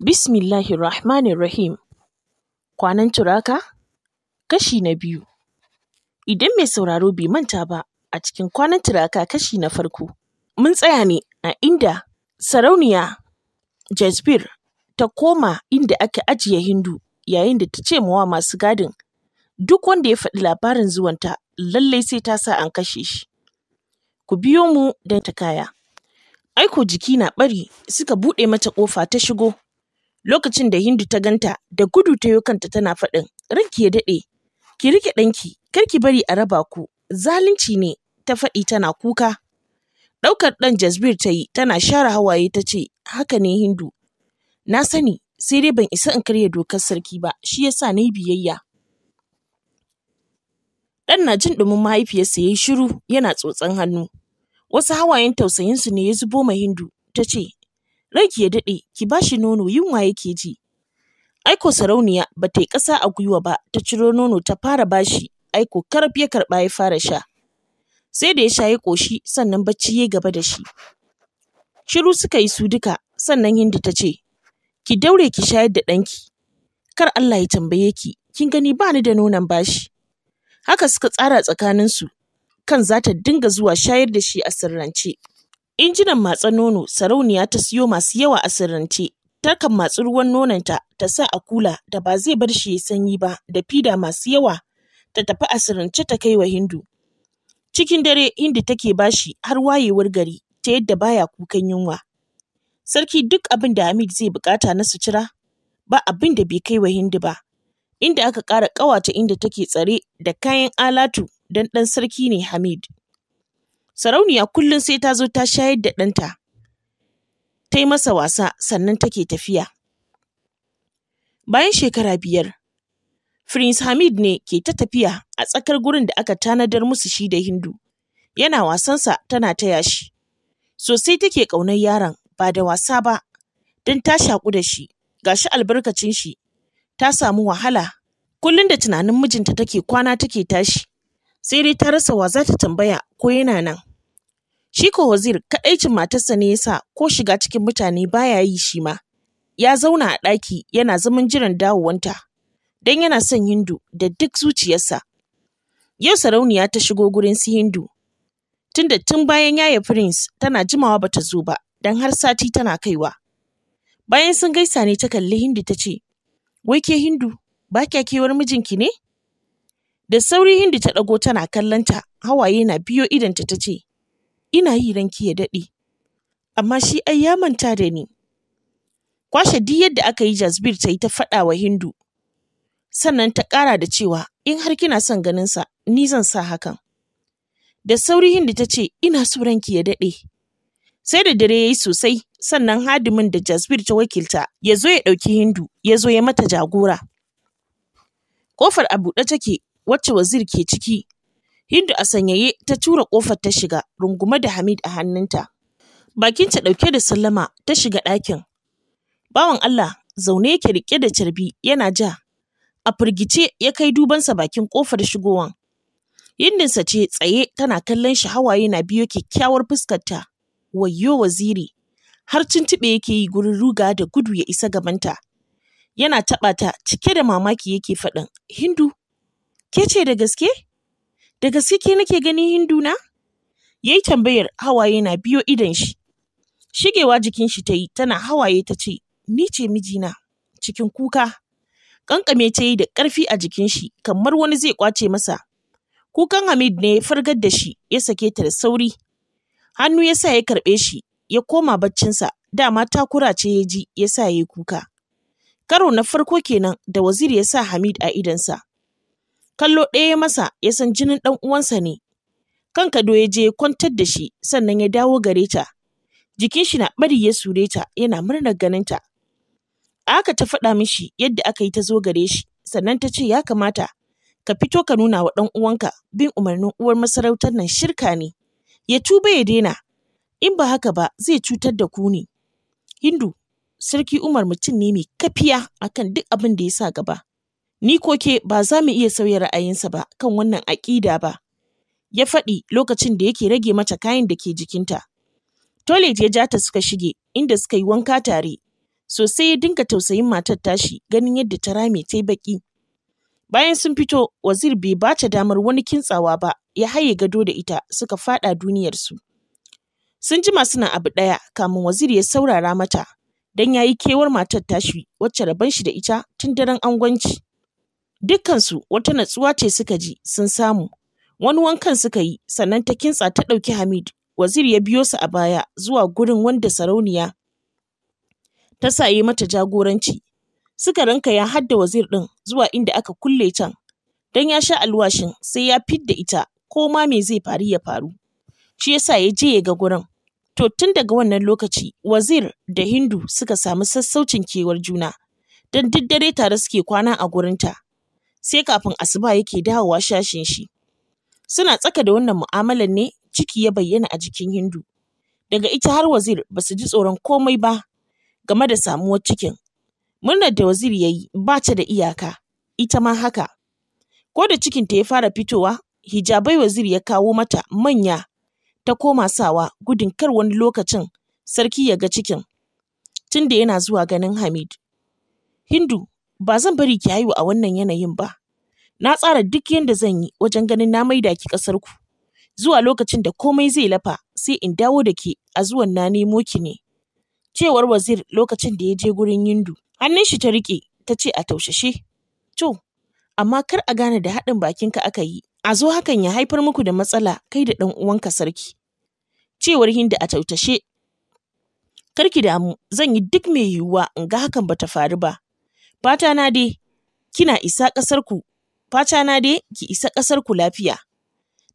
Bismillahi Rahmanir Rahim. Kwanan turaka? Kashi na biyu. Idan mai sauraro bai manta ba a cikin kwanan turaka kashi na farko, mun tsaya ne a inda sarauniya Jasbir ta koma inda ake ajiye Hindu yayin da ta ce mawa masu gadin duk wanda ya faɗi labarin zuwanta lallai sai ta sa an kashe shi. Ku biyo mu don ta kaya. Aiko jiki na ɓari suka buɗe mata ƙofa ta shigo Lokacin da Hindu ta ganta, da gudu ta yo kanta tana faɗin, ranki ya daɗe, ki rike ɗanki, kar ki bari a raba ku, zalunci ne, ta faɗi tana kuka. Ɗaukar ɗan Jasbir ta yi, tana share hawaye ta ce, haka ne Hindu. Na sani, sai dai ban isa in karya dokar sarki ba, shi yasa na yi biyayya. Ɗan na jin ɗumin mahaifiyarsa ya yi shiru yana tsotsan hannu. Wasu hawayen tausayinsu ne ya zubo ma Hindu, ta ce, Ranki ya daɗe, ki ba shi nono, yunwa yake ji. Aiko sarauniya ba ta yi ƙasa a gwiwa ba, ta ciro nono ta fara bashi, aiko karaf ya karɓa ya fara sha. Sai da ya sha ya ƙoshi sannan bacci ya gaba da shi. Shiru suka yi su duka, sannan Hindu ta ce, Ki daure ki shayar da ɗanki, kar Allah ya tambaye ki, kin gani ba ni da nonon bashi. Haka suka tsara tsakaninsu, kan za ta dinga zuwa shayar da shi a sirrance. Injinan matsa nono sarauniya ta siyo masu yawa a sirrance, takan matsi ruwan nononta ta sa a kula da ba zai bar shi ya sanyi ba da fida masu yawa ta tafi a sirrance ta kai wa Hindu. Cikin dare Hindu take bashi har wayewar gari ta yadda baya kukan yunwa. Sarki duk abin da Hamid zai bukata na sutura ba abin da bai kai wa Hindu ba. Inda aka ƙara ƙawata inda take tsare da kayan alatu don ɗan sarki ne Hamid. Sarauniya kullum sai ta zo ta shayar da ɗanta, ta yi masa wasa sannan take tafiya. Bayan shekara biyar, Prince Hamid ne ke ta tafiya a tsakar gurin da aka tanadar musu shi da Hindu, yana wasansa tana taya shi. Sosai take ƙaunar yaron ba da wasa ba, don ta shaƙu da shi, ga shi albarkacin shi, ta samu wahala kullum da tunanin mijinta take kwana take tashi sai dai ta rasa wa za ta tambaya ko yana nan Shi ko Hozir kaɗaicin matarsa ne yasa ko shiga cikin mutane baya yi shi ma. Ya zauna a ɗaki yana zaman jiran dawowanta don yana son Hindu da duk zuciyarsa. Yau sarauniya ta shigo gurin su Hindu. Tunda tun bayan yaya Prince tana jimawa bata zo ba don har sati tana kaiwa. Bayan sun gaisa ne ta kalli Hindu ta ce, Wai ke Hindu, ba kya kewar mijinki ne? Da sauri Hindu ta ɗago tana kallonta, hawaye na biyo idanta ta ce, ina yi ranki ya daɗe, amma shi ai ya manta da ni. Kwashe duk yadda aka yi Jazbir ta yi ta faɗa wa Hindu, sannan ta ƙara da cewa in har kina son ganinsa, ni zan sa hakan. Da sauri Hindu ta ce, ina so ranki ya daɗe. Sai da dare ya yi sosai, sannan hadimin da Jazbir ta wakilta ya zo ya ɗauki Hindu, ya zo ya mata jagora. Ƙofar a buɗe take, wacce wazir ke ciki, Hindu a sanyaye ta tura ƙofar ta shiga rungume da Hamid a hannunta. Bakinta ɗauke da sallama ta shiga ɗakin. Bawan Allah zaune yake riƙe da carbi yana ja. A firgice ya kai dubansa bakin ƙofar shigowan. Hindinsa ce tsaye tana kallon shi hawaye na biyo kyakkyawar fuskarta. Wayyo waziri. Har tuntuɓe yake yi gurin ruga da gudu ya isa gabanta. Yana taɓa ta cike da mamaki yake faɗin. Hindu, ke ce da gaske? da gaske ke nake ganin hindu na? Ya yi tambayar hawaye na biyo idon shi. Shigewa jikin shi ta yi tana hawaye ta ce, Ni ce mijina, cikin kuka. ƙanƙame ta yi da ƙarfi a jikin shi, kamar wani zai ƙwace masa. Kukan Hamid ne ya fargar da shi, ya sake ta da sauri. Hannu ya sa ya karɓe shi, ya koma baccinsa, dama takura ce ya ji, ya sa ya yi kuka. Karo na farko kenan da waziri ya sa Hamid a idonsa. kallo ɗaya ya masa ya san jinin ɗan uwansa ne kan kado ya je kwantar da shi sannan ya dawo gare ta jikin shi na ɓari ya sure ta yana murnar ganin ta aka ta faɗa mishi yadda aka yi ta zo gare shi sannan ta ce ya kamata ka fito ka nuna wa ɗan uwanka bin umarnin uwar masarautar nan shirka ne ya tuba ya daina in ba haka ba zai cutar da ku ne hindu sarki umar mutum ne mai kafiya akan duk abin da ya sa gaba Ni koke ba za mu iya sauya ra'ayinsa ba kan wannan aƙida ba, ya faɗi lokacin da yake rage mata kayan da ke jikinta. Tolet ya ja ta suka shige, inda suka yi wanka tare. Sosai ya dinga tausayin matar tashi ganin yadda ta rame ta yi baƙi. Bayan sun fito, wazir bai ba ta damar wani kintsawa ba, ya haye gado da ita suka faɗa duniyarsu. Sun jima suna abu ɗaya kamin wazir ya saurara mata, don ya yi kewar matar tashi wacce rabon shi da ita tun daren angwanci. Dukkansu wata natsuwa ce suka ji sun samu. Wani wankan suka yi sannan ta kintsa ta ɗauki Hamid. Wazir ya biyo su a baya zuwa gurin wanda sarauniya ta sa saye mata jagoranci. Suka ranka ya hadda wazir ɗin zuwa inda aka kulle can. Don ya sha alwashin sai ya fidda ita ko ma me zai faru ya faru. Shi yasa ya je ya ga gurin. To tun daga wannan lokaci wazir da Hindu suka samu sassaucin kewar juna. Don duk dare tare suke kwana a gurinta. sai kafin asuba yake dawowa sashin shi. Suna tsaka da wannan mu'amalar ne ciki ya bayyana a jikin Hindu. Daga ita har wazir ba su ji tsoron komai ba game da samuwar cikin. Murnar da wazir ya yi ba ta da iyaka, ita ma haka. Ko da cikin ta ya fara fitowa, hijabai wazir ya kawo mata manya ta koma sawa gudun kar wani lokacin sarki ya ga cikin. Tunda yana zuwa ganin Hamid. Hindu ba zan bari ki haihu a wannan yanayin ba. Na tsara duk yadda zan yi wajen ganin na maida ki ku Zuwa lokacin da komai zai lafa sai in dawo da ke a zuwan na nemo ki ne. Cewar wazir lokacin da ya je gurin Yindu. Hannun shi ta riƙe ta ce a taushashe. To, amma kar a gane da haɗin bakinka aka yi. A zo hakan ya haifar muku da matsala kai da ɗan uwanka sarki. Cewar Hindu a tautashe. Karki damu, zan yi duk mai yiwuwa in ga hakan bata faru ba. Fata na dai, kina isa ƙasarku, fata na dai ki isa ƙasarku lafiya.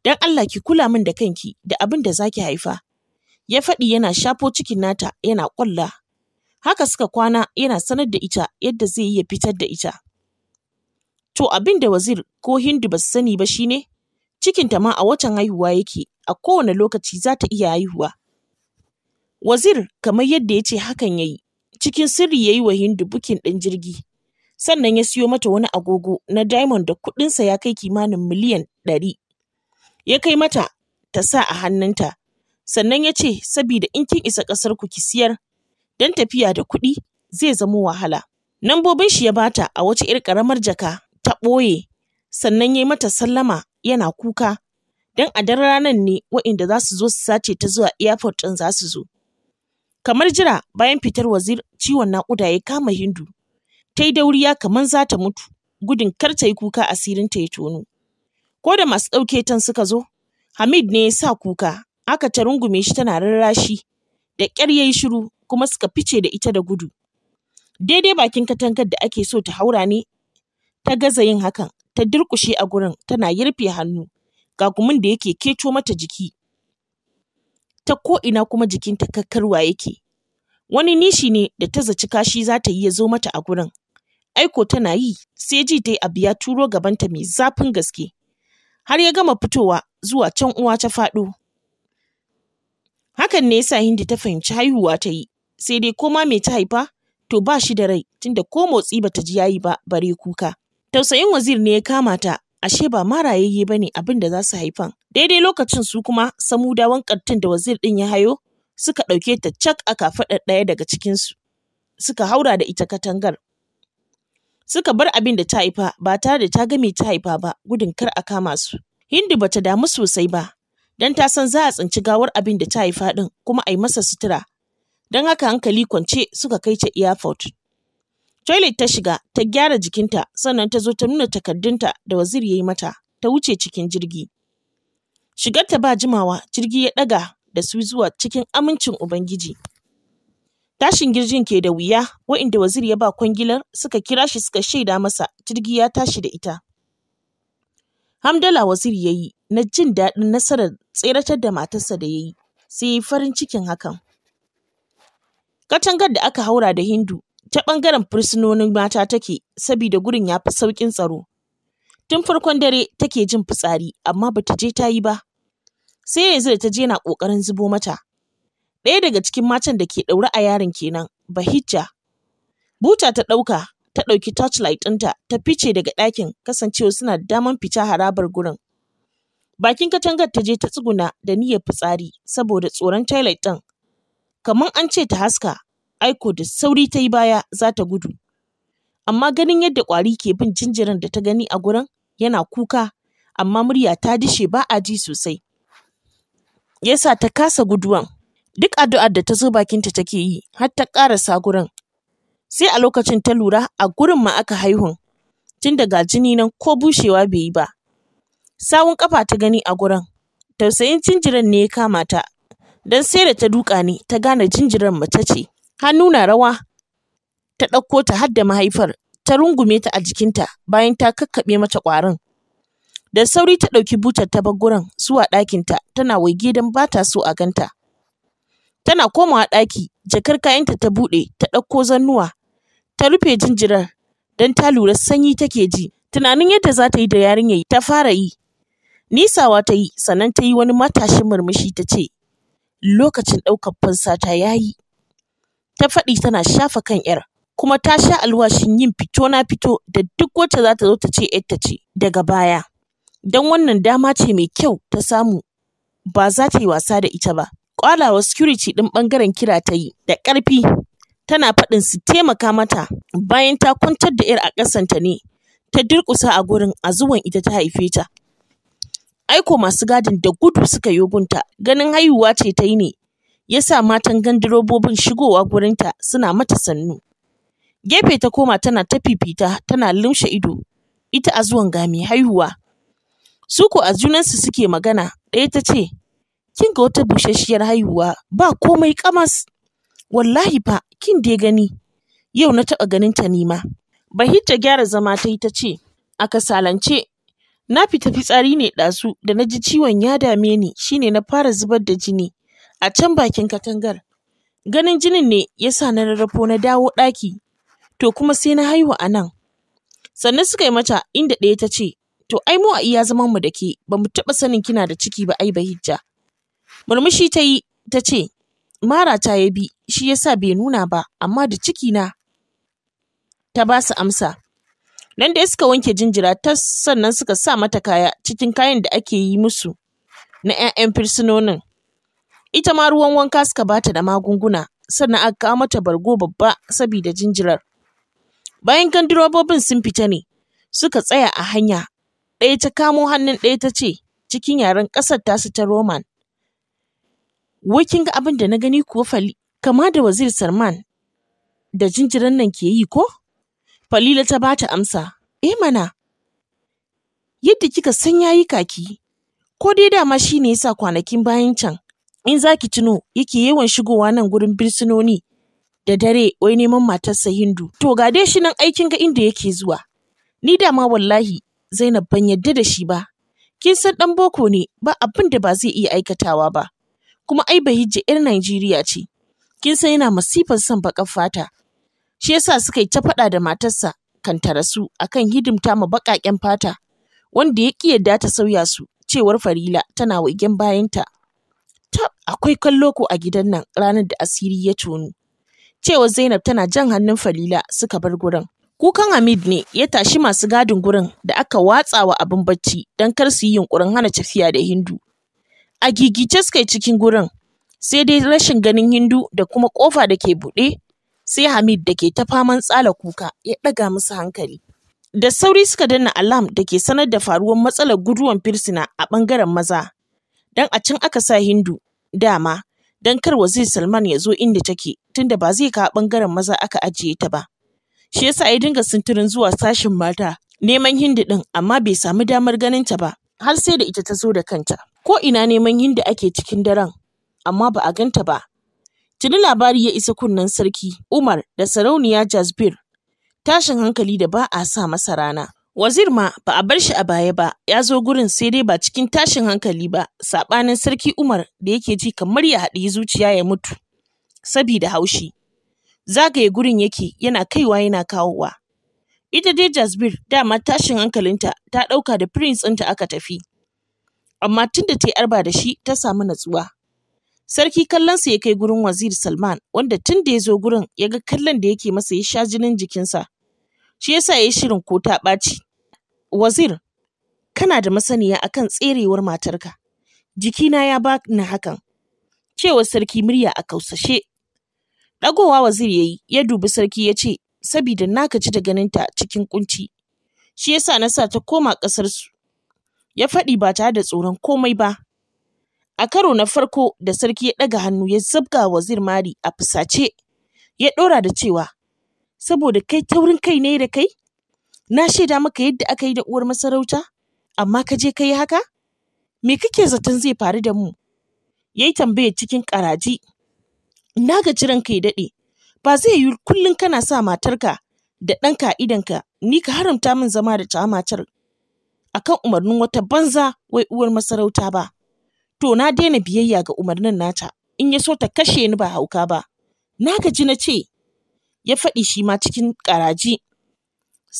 Don Allah ki kula min da kanki da abin da za ki haifa. Ya faɗi yana shafo cikin nata yana ƙwalla. Haka suka kwana yana sanar da ita yadda zai iya fitar da ita. To abin da wazir ko Hindu ba su sani ba shine, cikinta ma a watan haihuwa yake a kowane lokaci za ta iya haihuwa. Wazir kamar yadda ya ce hakan ya yi, cikin sirri ya yi wa Hindu bukin ɗin jirgi. sannan ya siyo mata wani agogo na diamond da kuɗinsa ya kai kimanin miliyan ɗari. Ya kai mata ta sa a hannunta, sannan ya ce, sabida in kin isa ƙasar ku ki siyar, don tafiya da kuɗi zai zamo wahala. Nambobin shi ya bata a wace ‘yar ƙaramar jaka ta ɓoye, sannan ya yi mata sallama yana kuka, don a dan ranar ne waɗanda za su zo su sace ta zuwa airport ɗin za su zo. Kamar jira bayan fitar wazir ciwon naƙuda ya kama Hindu. ta yi dauriya kamar za ta mutu gudun kar ta yi kuka asirin ta ya tono. Ko da masu ɗauke tan suka zo, Hamid ne ya sa kuka, aka ta rungume shi tana rarrashi, da ƙyar ya shiru kuma suka fice da ita da gudu. Daidai bakin katangar da ake so ta haura ne, ta gaza yin hakan, ta durƙushe a gurin tana yarfe hannu, ga gumin da yake keto mata jiki. Ta ko'ina kuma jikinta kakkarwa yake. Wani nishi ne da ta zaci kashi za ta yi ya zo mata a gurin. Aiko tana yi, sai ji dai abu ya turo gabanta mai zafin gaske. Har ya gama fitowa zuwa can uwa ta faɗo. Hakan ne yasa Hindi ta fahimci haihuwa ta yi, sai dai koma mai ta haifa to ba shi da rai tunda ko motsi bata ji yayi ba bare kuka. Tausayin wazir ne ya kama ta ashe ba marayayye ba ne abin da za su haifan. Daidai lokacin su kuma samudawan ƙartin da wazir ɗin ya hayo suka ɗauke ta cak a kafaɗar ɗaya daga cikinsu. Suka haura da ita katangar Suka bar abin da ta haifa ba tare da ta ga mai ta haifa ba gudun kar a kama su. Hindu bata damu sosai ba, don ta san za a tsinci gawar abin da ta haifa ɗin kuma a yi masa sutura. Don haka hankali kwance suka kai ta airport. Toilet ta shiga, ta gyara jikinta, sannan ta zo ta nuna takardunta da wazir ya yi mata, ta wuce cikin jirgi. Shigar ta ba jimawa, jirgi ya ɗaga da su zuwa cikin amincin Ubangiji. Tashin girjin ke da wuya, waɗanda waziri ya ba kwangilar suka kira shi suka shaida masa jirgi ya tashi da ita. Hamdala waziri ya yi na jin daɗin nasarar tseratar da matarsa da ya yi, sai ya yi farin cikin hakan. Katangar da aka haura da Hindu ta ɓangaren fursunonin mata take, sabida gurin ya fi sauƙin tsaro. Tun farkon dare take jin fitsari, amma ba ta je ta yi ba. Sai yanzu da ta je na ƙoƙarin zubo mata, Ɗaya daga cikin matan da ke ɗaure a yaron kenan, Bahijja. Buta ta ɗauka, ta ɗauki torchlight ɗinta, ta fice daga ɗakin kasancewa suna da daman fita harabar gurin. Bakin katangar ta je ta tsuguna da niyyar fitsari saboda tsoron toilet ɗin. Kamar an ce ta haska, aiko da sauri ta yi baya za ta gudu. Amma ganin yadda ƙwari ke bin jinjirin da ta gani a gurin yana kuka, amma murya ta dishe ba a ji sosai. Yasa ta kasa guduwan. Duk addu'ar da ta zo bakinta take yi har ta ƙarasa gurin. Sai a lokacin ta lura a gurin ma aka haihun, tun daga jini nan ko bushewa bai yi ba. Sawun ƙafa ta gani a gurin, tausayin jinjiran ne ya kama ta, don sai da ta duƙa ne ta gane jinjiran mace ce. Hannu na rawa, ta ɗauko ta har mahaifar, ta rungume ta a jikinta bayan ta kakkaɓe mata ƙwarin. Da sauri ta ɗauki butar ta bar gurin zuwa ɗakinta tana waige don ba ta so a ganta. Tana komawa ɗaki, jakar kayanta ta buɗe, ta ɗauko zannuwa, ta rufe jinjirar don ta lura sanyi take ji. Tunanin yadda za ta yi da yarinyar ta fara yi. Nisawa ta yi, sannan ta yi wani matashin murmushi ta ce, lokacin ɗaukar fansa ta ya yi. Ta faɗi tana shafa kan ‘yar, kuma ta sha alwashin yin fito na fito da duk wacce za ta zo ta ce ‘yarta ce daga baya. Don wannan dama ce mai kyau ta samu, ba za ta yi wasa da ita ba. Ƙwalawa security ɗin ɓangaren kira ta yi da ƙarfi tana faɗin su taimaka mata bayan ta kwantar da 'yar a ƙasanta ne ta durƙusa a gurin a zuwan ita ta haife ta. Aiko masu gadin da gudu suka gunta ganin haihuwa ce ta yi ne ya sa matan gandirobobin shigowa gurinta suna mata sannu. Gefe ta koma tana ta fifita tana lumshe ido ita a zuwan ga mai haihuwa. Su ko a junansu suke magana ɗaya ta ce kin ga wata busasshiyar haihuwa ba komai kamas wallahi fa kin dai gani yau na taɓa ganin ta nima bahijja gyara zama ta yi ta ce a kasalance na fita fitsari ne ɗazu da na ji ciwon ya dame ni shine na fara zubar da jini a can bakin katangar ganin jinin ne ya sa na rarrafo na dawo ɗaki to kuma sai na haihu a nan sannan suka yi mata inda ɗaya ta ce to ai mu a iya zaman mu da ke ba mu taɓa sanin kina da ciki ba ai bahijja Murmushi ta yi ta ce, mara ta ya bi, shi ya sa bai nuna ba, amma da ciki na. Ta ba su amsa. Nan da suka wanke jinjira ta sannan suka sa mata kaya cikin kayan da ake yi musu na 'ya'yan fursunonin. Ita ma ruwan wanka suka bata da magunguna, sannan aka kawo mata bargo babba sabida jinjirar. Bayan kan gandirobobin sun fita ne, suka tsaya a hanya, ɗaya ta kamo hannun ɗaya ta ce, cikin yaren ƙasar tasu ta Roman. Wai kin ga abin da na gani kuwa fali kama da wazir Salman da jinjiran nan ke yi ko? Falila ta bata amsa, eh mana, yadda kika san yayi kaki, ko dai dama shine ne yasa kwanakin bayan can, in za ki tuno yake yawan shigowa nan gurin birsinoni da dare wai neman matarsa Hindu. To ga dai shi nan aikin ga inda yake zuwa. Ni dama wallahi Zainab ban yadda da shi ba. Kin san ɗan boko ne ba abin da ba zai iya aikatawa ba. kuma ai bahijja 'yar Najeriya ce. Kin san yana masifar son baƙar fata. Shi yasa suka yi ta faɗa da matarsa kan ta rasu akan hidimta ma baƙaƙen fata wanda ya ƙi yadda ta sauya su cewar Farila tana waigen bayanta. Ta akwai kallo ko a gidan nan ranar da asiri ya tonu. Cewar Zainab tana jan hannun Farila suka bar gurin. Kukan Hamid ne ya tashi masu gadin gurin da aka watsawa abin bacci don kar su yi yunkurin hana tafiya da Hindu. A gigice suka yi cikin gurin, sai dai rashin ganin Hindu da kuma kofa da ke buɗe, sai Hamid da ke ta faman tsala kuka ya ɗaga musu hankali. Da sauri suka danna alam da ke sanar da faruwar matsalar guduwan firsina a ɓangaren maza, don a can aka sa Hindu dama don kar Wazir Salman ya zo inda take tunda ba zai kawo ɓangaren maza aka ajiye ta ba. Shi yasa ya dinga sintirin zuwa sashin mata neman Hindu ɗin amma bai samu damar ganin ta ba. har sai da ita ta zo da kanta. Ko ina neman da ake cikin daren, amma ba a ganta ba. Tuni labari ya isa kunnen sarki Umar da sarauniya Jazbir, tashin hankali da ba a sa masa rana. Wazir ma ba a bar shi a baya ba, ya zo gurin sai dai ba cikin tashin hankali ba, saɓanin sarki Umar da yake ji kamar ya haɗi zuciya ya mutu, sabida haushi. Zagaye gurin yake yana kaiwa yana kawowa, Ita dai Jasbir, dama tashin hankalinta ta ɗauka da prince ɗinta aka tafi. Amma tun da ta yi arba da shi ta samu natsuwa. Sarki kallonsa ya kai gurin Wazir Salman wanda tun da ya zo gurin ya ga kallon da yake masa ya sha jinin jikinsa. Shi ya sa ya yi shirin ko ta ɓaci. Wazir, kana da masaniya akan tserewar matarka. Jikina ya ba ni hakan. Cewa sarki murya a kausashe. Ɗagowa wazir ya yi, ya dubi sarki ya ce, sabida na gaji da ganinta cikin ƙunci. Shi yasa na sa ta koma ƙasarsu. Ya faɗi ba tare da tsoron komai ba. A karo na farko da sarki ya ɗaga hannu ya zabga wazir mari a fusace, ya ɗora da cewa, saboda kai taurin kai ne da kai? Na shaida maka yadda aka yi da uwar masarauta, amma ka je ka yi haka? Me kake zaton zai faru da mu? Ya yi tambaya cikin ƙaraji. Na ga jiran kai daɗe, Ba zai yi kullum kana sa matarka da ɗanka a idanka, ni ka haramta min zama da ta matar a kan umarnin wata banza wai uwar masarauta ba. To na daina biyayya ga umarnin nata, in ya so ta kashe ni ba hauka ba. Na gaji na ce, ya faɗi shi ma cikin ƙaraji.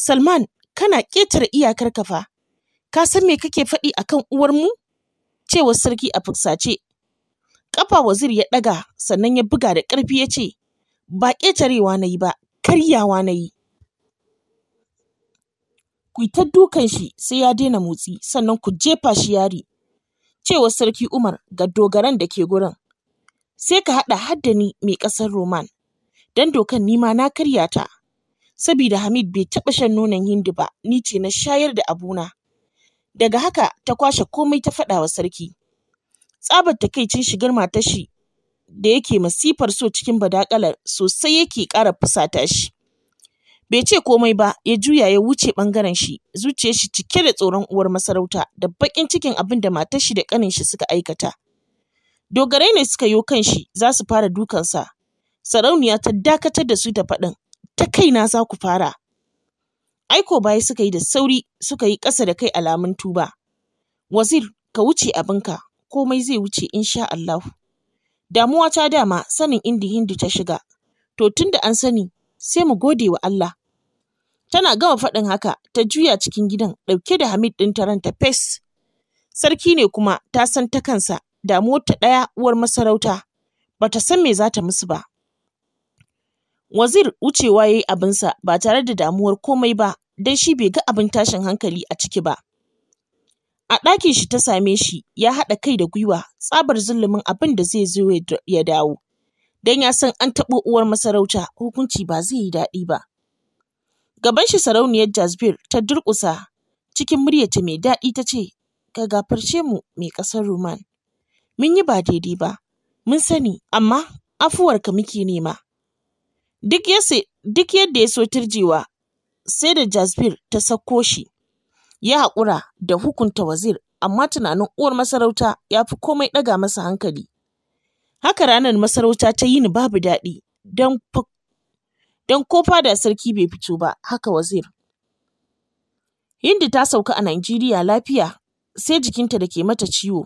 Salman, kana ƙetare iyakar kafa, ka san me kake faɗi akan uwar uwarmu? Cewa sarki a fuksace. Ƙafa wazir ya ɗaga sannan ya buga da ƙarfi ya ce, Ba ƙetarewa na yi ba, karyawa na yi. Ku yi ta dukan shi sai ya daina motsi, sannan ku jefa shi yari. cewa Sarki Umar ga dogaran da ke gurin. Sai ka haɗa Haddani mai ƙasar Roman, don dokan nima na karya ta. Sabida Hamid bai taɓa shan nonon Hindu ba, ni ce na shayar da abuna. Daga haka ta kwashe komai ta faɗa wa sarki. Tsabar takaicin shigar matar shi da yake masifar so cikin badakalar sosai yake ƙara fusata shi. Bai ce komai ba, ya juya ya wuce ɓangaren shi, zuciyar shi cike da tsoron uwar masarauta da baƙin cikin abin da matar shi da ƙanin shi suka aikata. Dogarai ne suka yo kan shi za su fara dukansa. Sarauniya ta dakatar da su ta faɗin, ta kaina za ku fara. Aiko baya suka yi da sauri suka yi ƙasa da kai alamun tuba. Wazir, ka wuce abinka, komai zai wuce insha Allahu. Damuwa ta dama sanin inda Hindu ta shiga, to tun da an sani sai mu gode wa Allah. Tana gama faɗin haka ta juya cikin gidan ɗauke da Hamid ɗin ranta fes. Sarki ne kuma ta san ta kansa damuwar ta ɗaya uwar masarauta ba ta san me za ta musu ba. Wazir wucewa ya yi abinsa ba tare da damuwar komai ba don shi bai ga abin tashin hankali a ciki ba. A ɗakin shi ta same shi ya haɗa kai da gwiwa tsabar zulumin abin da zai zo ya dawo, don ya san an taɓo uwar masarauta hukunci ba zai yi daɗi ba. Gaban shi Sarauniyar Jazbir ta durƙusa cikin muryarta mai daɗi ta ce, “Ka gafarce mu mai ƙasar Roman, mun yi ba daidai ba, mun sani, amma afuwar afuwarka muke nema.” Duk yadda ya so turjewa, sai da Jazbir ta sako shi. ya haƙura da hukunta Wazir amma tunanin uwar masarauta ya fi komai ɗaga masa hankali. Haka ranar masarauta ta yi ni babu daɗi don ko fada sarki bai fito ba haka Wazir. Hindi ta sauka a Najeriya lafiya sai jikinta da ke mata ciwo.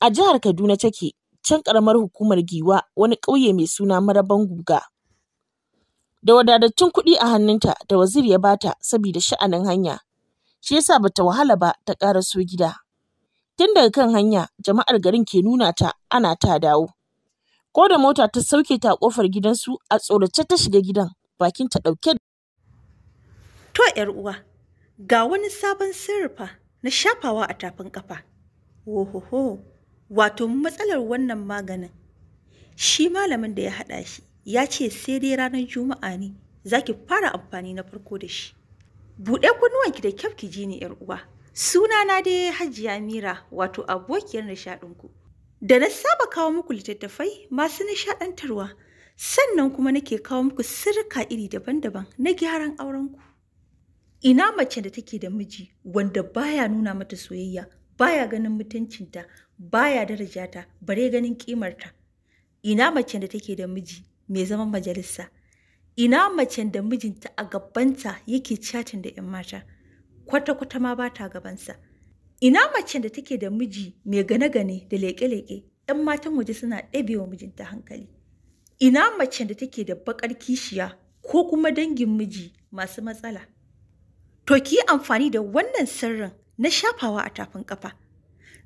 A jihar Kaduna take can ƙaramar hukumar Giwa wani ƙauye mai suna Maraban Guga. Da wadatattun kuɗi a hannunta da Wazir ya bata saboda sha'anin hanya. shi yasa bata wahala ba ta ƙara ƙaraso gida. Tun daga kan hanya jama'ar garin ke nuna ta ana ta dawo. Ko da mota ta sauke ta a ƙofar gidansu a tsorace ta shiga gidan bakin ta ɗauke To ‘yar uwa, ga wani sabon sirrifa na shafawa a tafin ƙafa. Ohoho wato matsalar wannan maganin. Shi malamin da ya haɗa shi ya ce sai dai ranar Juma'a ne za ki fara amfani na farko da shi. buɗe kunnuwanki da kyau ki ji ni yar uwa suna na dai hajiya mira wato abokiyar nishaɗinku da na saba kawo muku littattafai masu nishaɗantarwa sannan kuma nake kawo muku sirrika iri daban-daban na gyaran aurenku ina mace da take da miji wanda baya nuna mata soyayya baya ganin mutuncinta baya darajata, bare ganin kimarta ina mace da take da miji mai zaman majalisa Ina macen da mijinta a gabanta yake chatin da 'yan mata, kwata-kwata ma bata ta gabansa. Ina macen da take da miji mai gane-gane da leƙe-leƙe, 'yan matan waje suna ɗabewa mijinta hankali. Ina macen da take da baƙar kishiya ko kuma dangin miji masu matsala. To ki amfani da wannan sirrin na shafawa a tafin kafa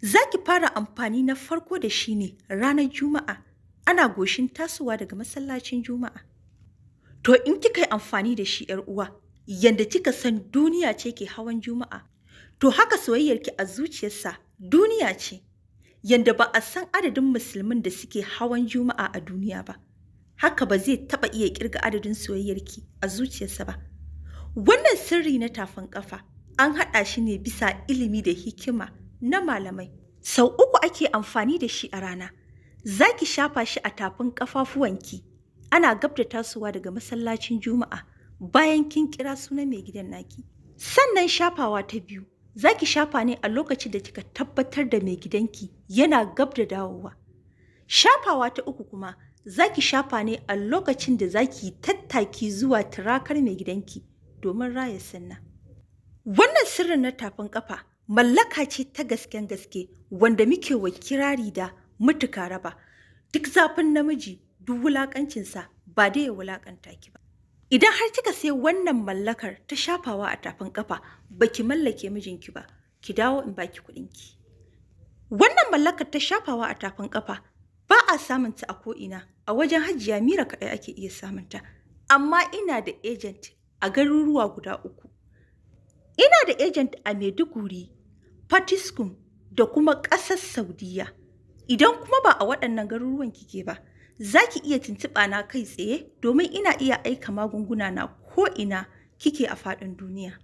Za ki fara amfani na farko da shi ne ranar Juma'a, ana goshin tasowa daga masallacin Juma'a. To in kika yi amfani da shi ‘yar uwa, yadda kika san duniya ce ke hawan juma'a, to haka soyayyarki a zuciyarsa duniya ce, yadda ba a san adadin musulmin da suke hawan juma'a a duniya ba, haka ba zai taɓa iya ƙirga adadin soyayyarki a zuciyarsa ba. Wannan sirri na tafin ƙafa an haɗa shi ne bisa ilimi da hikima na malamai. Sau uku ake amfani da shi a rana, zaki shafa shi a tafin ƙafafuwanki. ana gab da tasowa daga masallacin juma'a bayan kin kira sunan mai gidan naki sannan shafawa ta biyu za ki shafa ne a lokacin da kika tabbatar da mai gidanki yana gab da dawowa shafawa ta uku kuma za ki shafa ne a lokacin da za ki tattaki zuwa turakar mai gidanki domin raya sunna wannan sirrin na tafin kafa mallaka ce ta gasken gaske wanda muke wa kirari da mutuka raba duk zafin namiji duk wulaƙancinsa ba dai ya wulaƙanta ki ba. Idan har kika sai wannan mallakar ta shafawa a tafin kafa baki mallake mijinki ba, ki dawo in baki ki. Wannan mallakar ta shafawa a tafin kafa ba a samunta a ko'ina a wajen hajiya mira kaɗai ake iya samunta, amma ina da agent a garuruwa guda uku. Ina da agent a Maiduguri, Patiskum da kuma ƙasar Saudiya. Idan kuma ba a waɗannan garuruwan kike ba, za ki iya tuntuɓa na kai tsaye domin ina iya aika magunguna na ko'ina kike a faɗin duniya.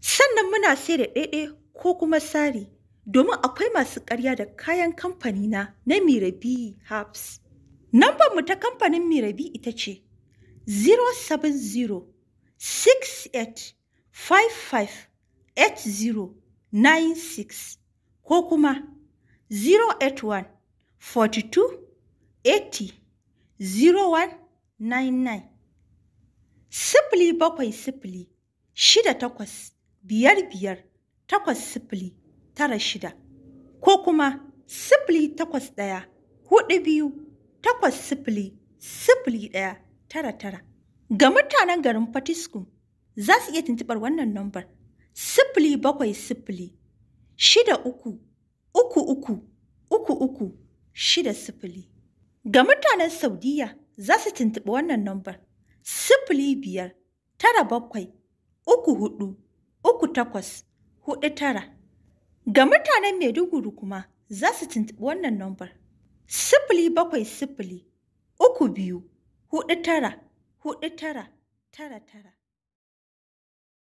Sannan muna sai da ɗaiɗe ko kuma sari domin akwai masu ƙarya da kayan kamfani na na Mirabi Herbs. Nambar mu ta kamfanin Mirabi ita ce 070 68 55 80 96 ko kuma 081 42 80 0199 sifili bakwai sifili shida takwas biyar biyar takwas sifili tara shida ko kuma sifili takwas ɗaya huɗu biyu takwas sifili sifili ɗaya tara tara ga mutanen garin Fatiskum za su iya tuntuɓar wannan lambar. sifili bakwai sifili shida uku uku uku uku uku shida sifili. Ga mutanen Saudiyya za su tuntuɓi wannan nombar, sifili biyar tara bakwai uku hudu uku takwas hudu tara. Ga mutanen Maiduguri kuma za su tuntuɓi wannan nombar, sifili bakwai sifili uku biyu hudu tara hudu tara tara tara.